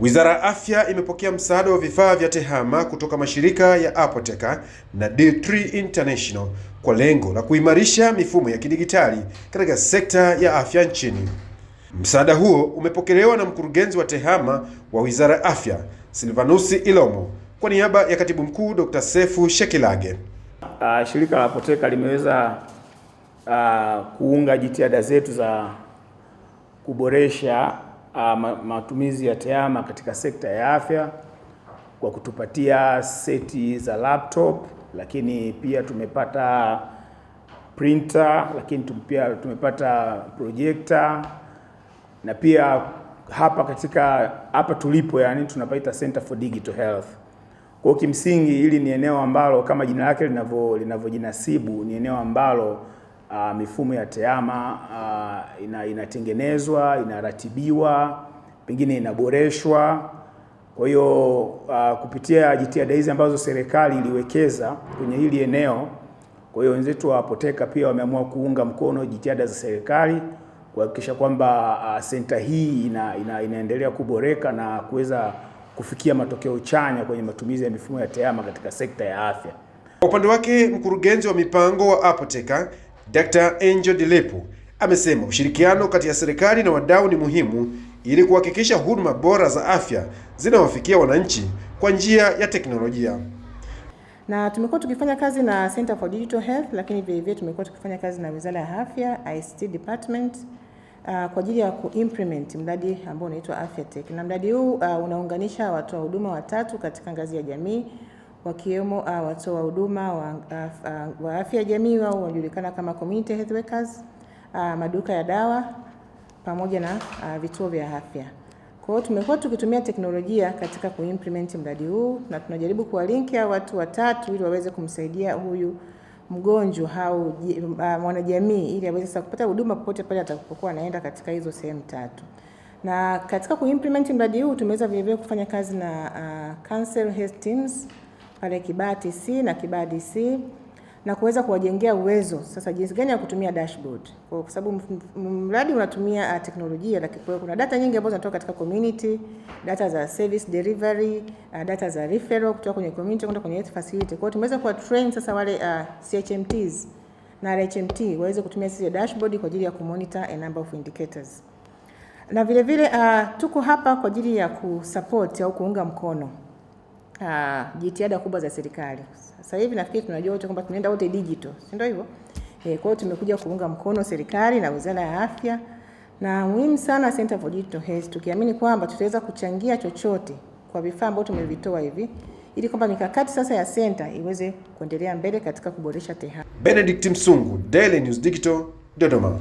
Wizara ya Afya imepokea msaada wa vifaa vya TEHAMA kutoka mashirika ya apoteka na D3 International kwa lengo la kuimarisha mifumo ya kidigitali katika sekta ya afya nchini. Msaada huo umepokelewa na Mkurugenzi wa TEHAMA wa Wizara ya Afya, Silvanusi Ilomo kwa niaba ya Katibu Mkuu Dr. Sefu Shekilage. Uh, ah, shirika la apoteka limeweza uh, kuunga jitihada zetu za kuboresha uh, matumizi ya TEHAMA katika sekta ya afya kwa kutupatia seti za laptop, lakini pia tumepata printer, lakini pia tumepata projector na pia hapa katika hapa tulipo, yani tunapaita Center for Digital Health. Kwa kimsingi hili ni eneo ambalo kama jina lake linavyojinasibu ni eneo ambalo uh, mifumo ya TEHAMA uh, ina, inatengenezwa, inaratibiwa, pengine inaboreshwa. Kwa hiyo uh, kupitia jitihada hizi ambazo serikali iliwekeza kwenye hili eneo, kwa hiyo wenzetu wa Apoteka pia wameamua kuunga mkono jitihada za serikali kuhakikisha kwamba uh, senta hii ina, ina, inaendelea kuboreka na kuweza kufikia matokeo chanya kwenye matumizi ya mifumo ya TEHAMA katika sekta ya afya. Kwa upande wake, mkurugenzi wa mipango wa Apoteka Dr. Angel Dilipo amesema ushirikiano kati ya serikali na wadau ni muhimu ili kuhakikisha huduma bora za afya zinawafikia wananchi kwa njia ya teknolojia. Na tumekuwa tukifanya kazi na Center for Digital Health, lakini vile vile tumekuwa tukifanya kazi na Wizara ya Afya ICT Department uh, kwa ajili ya kuimplement mradi ambao unaitwa Afya Tech, na mradi huu uh, unaunganisha watoa huduma watatu katika ngazi ya jamii wakiwemo uh, watoa huduma wa, uh, uh, wa afya jamii au wa wanajulikana kama community health workers, uh, maduka ya dawa pamoja na uh, vituo vya afya. Kwa hiyo tumekuwa tukitumia teknolojia katika kuimplement mradi huu na tunajaribu kuwalinki hao watu watatu ili waweze kumsaidia huyu mgonjwa au uh, mwanajamii ili aweze sasa kupata huduma popote pale atakapokuwa anaenda katika hizo sehemu tatu. Na katika kuimplement mradi huu tumeweza vilevile kufanya kazi na uh, Council Health Teams pale Kibati C na Kibadi C na kuweza kuwajengea uwezo sasa jinsi gani ya kutumia dashboard, kwa sababu mradi unatumia uh, teknolojia, lakini kwa kuna data nyingi ambazo zinatoka katika community, data za service delivery, uh, data za referral kutoka kwenye community kwenda kwenye health facility. Kwa hiyo tumeweza kuwa train sasa wale uh, ah, CHMTs na RHMT waweze kutumia sisi dashboard kwa ajili ya kumonitor a number of indicators, na vile vile uh, tuko hapa kwa ajili ya kusupport au kuunga mkono uh, jitihada kubwa za serikali. Sasa hivi nafikiri tunajua wote kwamba tunaenda wote digital, si ndio hivyo? Eh, kwa hiyo tumekuja kuunga mkono serikali na Wizara ya Afya na muhimu sana Center for Digital Health, tukiamini kwamba tutaweza kuchangia chochote kwa vifaa ambavyo tumevitoa hivi ili kwamba mikakati sasa ya center iweze kuendelea mbele katika kuboresha tehama. Benedict Msungu, Daily News Digital, Dodoma.